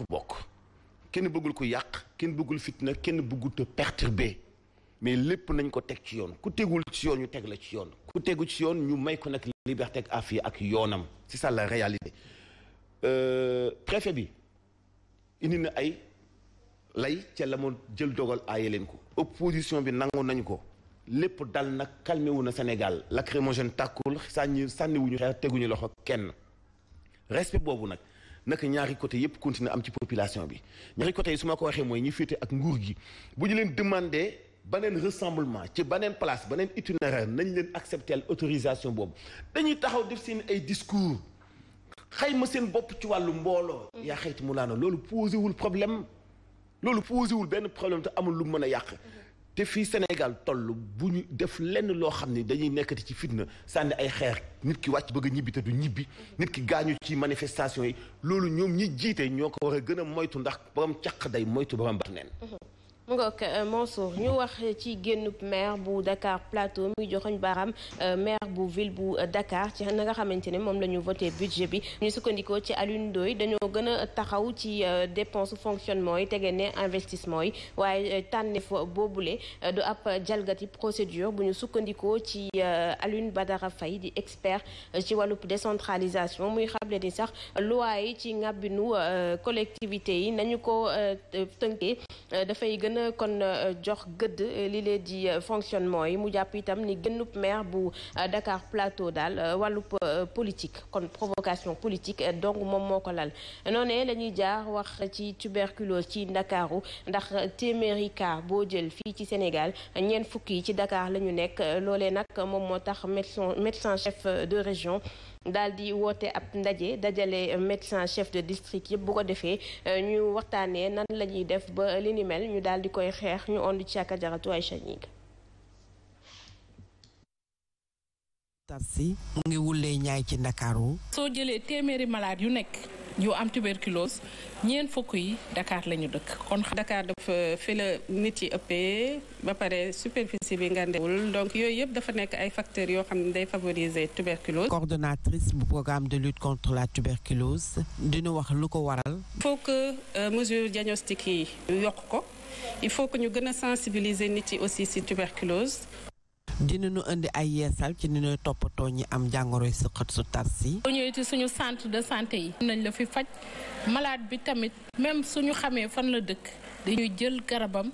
ko bokk kenn bëggul ko yàq kenn bëggul fitna kenn bëggul te perturber mais lépp nañ ko teg ci yoon ku tegul ci yoon ñu teg la ci yoon ku tegu ci yoon ñu may ko nag liberté ak afia ak yoonam ci ça la réalité euh, préfet bi indi na ay lay ca la jël dogal aaye leen ko opposition bi nangoon nañu ko lépp dal nag calmé na Sénégal lacrymogène tàkkul sànni sànniwuñu xeer teguñu loxo kenn respect boobu nag naka ñaari côté yëpp continuer am ci population bi ñaari côté yi su ma ko waxee mooy ñu féete ak nguur gi bu ñu leen demander baneen rassemblement ci baneen place baneen itinéraire nañ leen accepter autorisation boobu dañuy taxaw def seen ay discours xayma seen bopp ci wàllu mbooloo. Mm. yaa xayti mu laana loolu posé wul problème loolu posé wul benn problème te amul lu mën a yàq. Mm-hmm. te fii Sénégal toll bu ñu def lenn loo xam ne dañuy nekkati ci fitna sànni ay xeer nit ki wàcc bëgg a ñibbi te du ñibbi nit ki gaañu ci manifestation yi loolu ñoom ñi jiitee ñoo ko war a gën a moytu ndax borom caq day moytu borom ba neen mu ngoog euh, Mansour ñu wax ci génn maire bu Dakar Plateau muy joxoñ baaraam euh, maire bu ville bu euh, Dakar ci na nga xamante ne moom lañu ñu voté budget bi ñu sukkandikoo ci Alioune Ndoye dañoo gën a taxaw ci dépense fonctionnement yi tege ne investissement yi waaye tànneef boobule du ab jalgati procédure bu ñu sukkandikoo ci ba dara Faye di expert ci wàllub décentralisation muy xamle ni sax loi yi ci ngàbbinu collectivité yi nañu ko tënkee dafay gën a kon euh, jox gëdd euh, li lee di euh, fonctionnement yi mu jàpp itam ni gënnub maire bu Dakar Plateau daal wàllu politique kon provocation politique donc moom moo ko lal noonee la ñuy jaar wax ci tuberculose ci Ndakaaru ndax téeméeri cas boo jël fii ci Sénégal ñeent fukki yi ci Dakar la ñu nekk loolee nag moom moo tax médecin médecin chef de région daal di woote ab ndaje dajale médecin chef de district yëpp bu ko defee euh, ñu waxtaanee nan lañuy def ba li mel ñu daal di koy xeex ñu ond ci ak jaratu ay chañig taxi mu ngi wullee ñaay ci ndakaaru soo jëlee téeméeri malade yu nekk ñu am tuberculose ñeent fukk yi Dakar la ñu dëkk kon Dakar dafa fi la nit yi ëppee ba pare superficie bi nga ndewul donc yooyu yëpp dafa nekk ay facteurs yoo xam ne day favoriser tuberculose. coordonnatrice bu programme de lutte contre la tuberculose dina wax lu ko waral. il faut que euh, mesure diagnostique yi yokk ko il faut que ñu gën a sensibiliser nit yi aussi ci tuberculose. dinañu indi ay yeesal ci ni ñooy toppatoo ñi am jàngoro sëqët su tar si. boo ñëwee suñu centre de santé yi. nañ la fi faj malaat bi tamit même suñu xamee fan la dëkk dañuy jël garabam.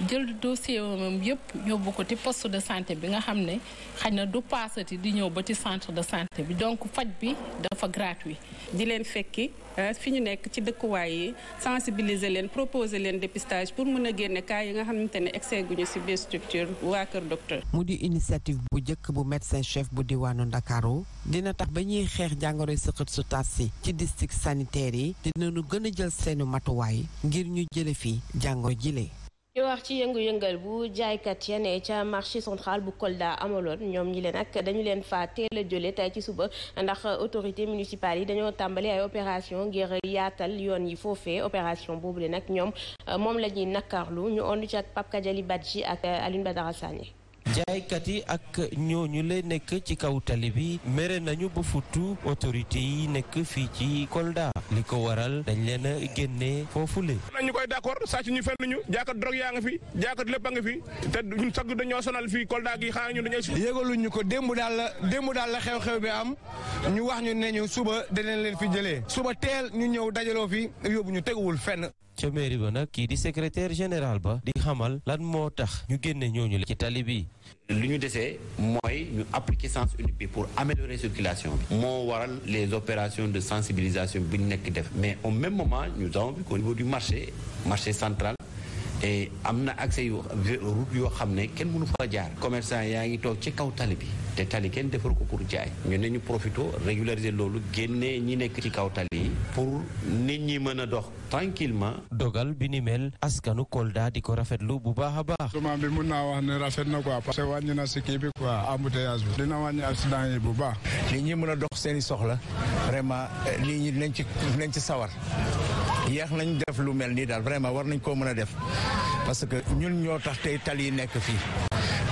jël dossier moom yëpp yóbbu ko ci poste de santé bi nga xam ne xaj na du paasati di ñëw ba ci centre de santé bi donc faj bi dafa gratuit. di leen fekki euh, fi ñu nekk ci dëkkuwaay yi sensibiliser leen proposer leen dépistage pour mën a génne cas yi nga xamante ne excès guñu ci bis structure waa kër docteur. mu di initiative bu njëkk bu médecin chef bu diwaanu Ndakaaru dina tax ba ñuy xeex jàngoroy sëqët su tas si ci district sanitaire yi dinañu gën a jël seenu matuwaay ngir ñu jële fi jàngoro jile. ñu wax ci yëngu-yëngal bu jaaykat ya ne ca marché central bu Kolda amaloon ñoom ñi leen ak dañu leen fa teel a jële tey ci suba ndax autorité municipale yi dañoo tàmbali ay opération ngir yaatal yoon yi foofee opération boobu le nag ñoom moom la ñuy nakarlu ñu ondu ci ak Pape Kadiali Badji ak Alioune Badara Sané jaaykat yi ak ñooñu la nekk ci kaw tali bi mere nañu ba futu autorité yi nekk fii ci Kolda li ko waral dañ leen a génnee foofule. ñu koy d'accord sàcc ñu fenn ñu jaakat drogue yaa nga fi jaakat lépp a nga fi te ñun sag dañoo sonal fii Kolda gi xanaa ñun dañoo. yégaluñ ñu ko démb daal la démb daal la xew-xew bi am ñu wax ñu ne ñu suba danañ leen fi jëlee suba teel ñu ñëw dajaloo fi yóbbu ñu teguwul fenn. ca mairie ba nag kii di secrétaire général ba di xamal lan moo tax ñu génnee ñooñu la ci tali bi. lu ñu desee mooy ñu appliquer sens unique bi pour améliorer circulation bi moo waral les opérations de sensibilisation bi ñu nekk def mais au même moment ñu avons vu qu'au du marché marché central Eh, am na accès yu route yoo xam ne kenn mënu fa jaar commercant yaa ngi toog ci kaw tali bi te tali kenn defaru ko pour jaay ñu ne ñu profito régulariser loolu génnee ñi nekk ci kaw tali yi pour nit ñi mën a dox tranquillement dogal bi ni mel askanu Kolda di ko rafetlu bu baax a baax demande bi mun naa wax ne rafet na ko parce que wàññi na si kii bi quoi embouteillage bi dina wàññi accident yi bu baax nit ñi mën a dox seeni soxla vraiment eh, nit ñi dinañ ci dinañ ci sawar yeex nañ def lu mel nii daal vraiment war nañ koo mën a def parce que ñun ñoo tax tey tali yi nekk fii.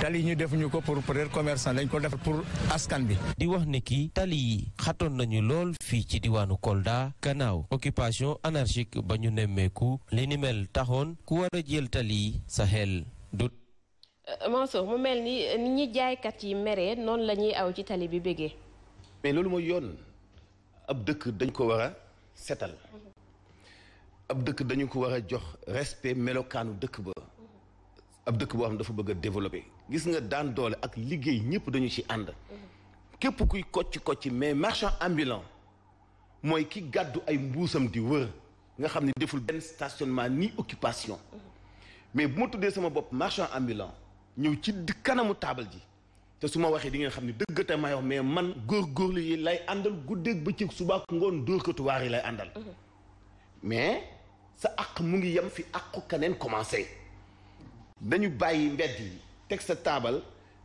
tali ñu defuñu ko pour peut-être lañ dañ ko def pour askan bi. di wax ne kii tali yi xatoon nañu lool fii ci diwaanu Kolda gannaaw occupation anarchique ba ñu nemmeeku li ni mel taxoon ku war a jël tali sa xel dut. Euh, Mansour mu mel ni ñi jaaykat yi meree noonu la ñuy aw ci tali bi bëggee. mais loolu mooy yoon ab dëkk dañ ko war a setal. Mhm. ab dëkk dañu ko war a jox respect melokaanu dëkk ba ab dëkk boo xam ne dafa bëgg a gis nga daan doole ak liggéey ñëpp dañu ci ànd képp kuy kocc kocc mais marchand ambulant mooy ki gàddu ay mbuusam di wër nga xam ne deful benn stationnement ni occupation mais bu ma tuddee sama bopp marchand ambulant ñëw ci kanamu taabal ji te su ma waxee di ngeen xam ne dëgg te may wax mais man góorgóorlu yi lay àndal guddeeg bëccëg ci ak ngoon dóorkatu waar yi lay àndal mm-hmm. sa àq mu ngi yem fi àqu keneen commencé dañu bàyyi mbedd yi teg sa taabal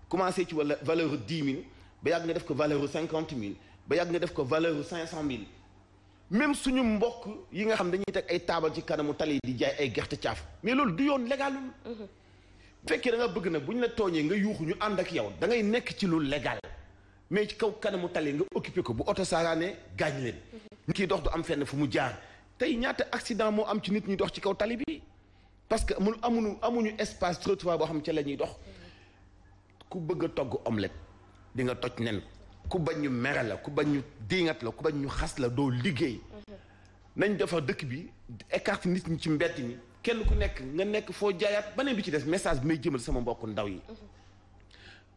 commencé ci wala valeur u dix mille ba yàgg nga def ko valeur u cinquante mille ba yàgg nga def ko valeur cinq cent mille même suñu mbokk yi nga xam dañuy teg ay taabal ci kanamu tali di jaay ay gerte caaf mais loolu du yoon légalul mhm. bu fekkee da nga bëgg na bu ñu la tooñee nga yuuxu ñu ànd ak yow dangay nekk ci lu legal mais ci kaw kanamu tali nga occupé ko bu oto saaraanee gaañ leen ñu mhm. kiy dox du am fenn fu mu jaar tey ñaata accident moo am ci nit ñuy dox ci kaw tali bi parce que mun amuñu amuñu espace trottoir boo xam ci la ñuy dox ku bëgg togg omelette di nga toj nen ku bañ ñu mere la ku bañ ñu diingat la ku bañ ñu xas la doo liggéey nañ defar dëkk bi écarte nit ñi ci mbett mi kenn ku nekk nga nekk foo jaayaat beneen bi ci des message bi may jëmal sama mbokku ndaw yi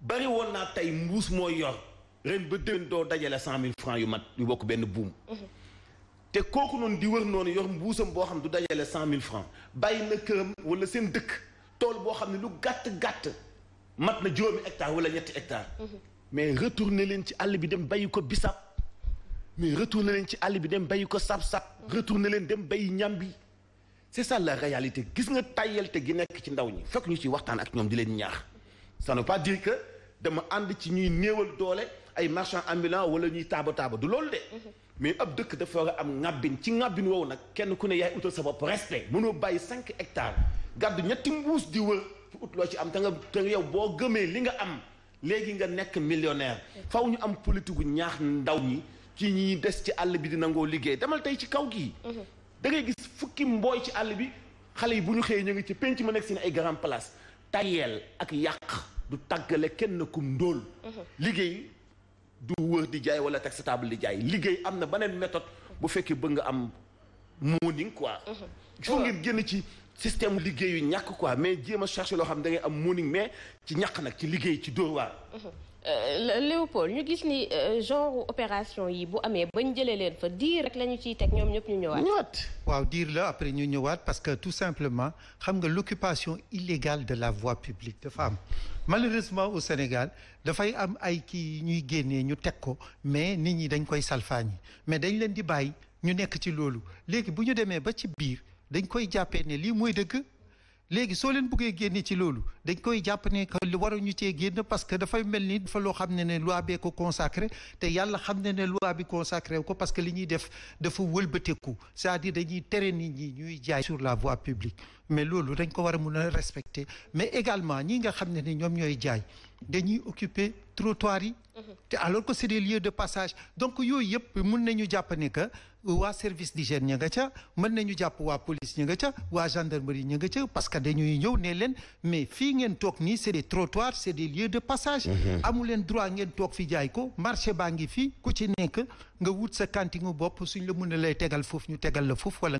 bari woon naa tey mbuus mooy yor ren ba déwén doo dajale cent mille francs yu mat yu bokk benn buum te kooku noonu di wër noonu yor mbuusam boo xam du dajale cent mille francs bàyyi na këram wala seen dëkk tool boo xam ne lu gàtt gàtt mat na juróomi hectare wala ñetti hectare mhm. mais retourne leen ci àll bi dem bàyyi ko bisab mais retourné leen ci àll bi dem bàyyi ko sab-sab mhm. retourné leen dem bàyyi ñambi c'est ça la réalité gis nga tàyyal te gi nekk ci ndaw ñi fekk ñu ci waxtaan ak ñoom di leen ñaax ça ne veut pas dire que dama ànd ci ñuy néewal doole ay marchand ambulant wala ñuy taaba taaba du loolu de. mais ab dëkk dafa war am ŋàbbin ci ŋàbbin woowu nag kenn ku ne yaay utal sa bopp respect mënoo bàyyi cinq hectares gàddu ñetti mbuus di wër loo ci am te nga te yow boo gëmee li nga am léegi nga nekk millionnaire. faw ñu am politique gu ñaax ndaw ñi ci ñi des ci àll bi di nangoo liggéey demal tey ci kaw gii. da ngay gis fukki mbooy ci àll bi xale yi bu ñu xëyee ñu ngi ci penc ma nekk si seen ay grand place tayeel ak yàq du tàggale kenn kum ndóol mhm. liggéey du wër di jaay wala teg table di jaay liggéey am na beneen méthode bu fekkee bëgg nga am mooning quoi. Mhm. il faut ngeen génn ci système mu liggéeyu ñàkk quoi mais jéema a loo xam da ngay am morning mais ci ñàkk nag ci liggéey ci dóor waar. Euh, Léopold ñu gis ni euh, genre opération yi bu amee bañ jëlee leen fa diir rek la ñu ciy teg ñoom ñëpp ñu ñëwaat. ñëwaat waaw diir la après ñu ñëwaat parce que tout simplement xam nga l'occupation illégale de la voie publique dafa am malheureusement au Sénégal dafay am ay ki ñuy génnee ñu teg ko mais nit ñi dañ koy salfaañi mais dañ leen di bàyyi ñu nekk ci loolu léegi bu ñu demee ba ci biir. dañ koy jàppee ne lii mooy dëgg léegi soo leen buggee génne ci loolu dañ koy jàpp ne que ñu cee génn parce que dafay mel ni dafa loo xam ne ne loi bee ko consacré te yàlla xam ne ne loi bi ko parce que li ñuy def dafa wëlbateeku c'est-à-dire dañuy tere nit ñi ñuy jaay sur la voie publique mais loolu dañ ko war a mun a respecter mais également ñi nga xam ne ni ñoom ñooy jaay dañuy occuper trottoirs yi. Mhm. te alors que c'est des lieux de passage donc yooyu yëpp mun ñu jàpp ne que waa service d'hygiène ñu nga ca mën nañu jàpp waa police ñu nga ca waa gendarmerie ñu nga ca parce que dañuy ñëw ne leen mais fii ngeen toog nii c'est des trottoirs c'est des lieux de passage. Mhm. amu leen droit ngeen toog fi jaay ko marché baa ngi fii ku ci nekk nga wut sa kantingu bopp suñ la mun a lay tegal foofu ñu tegal la foofu wala.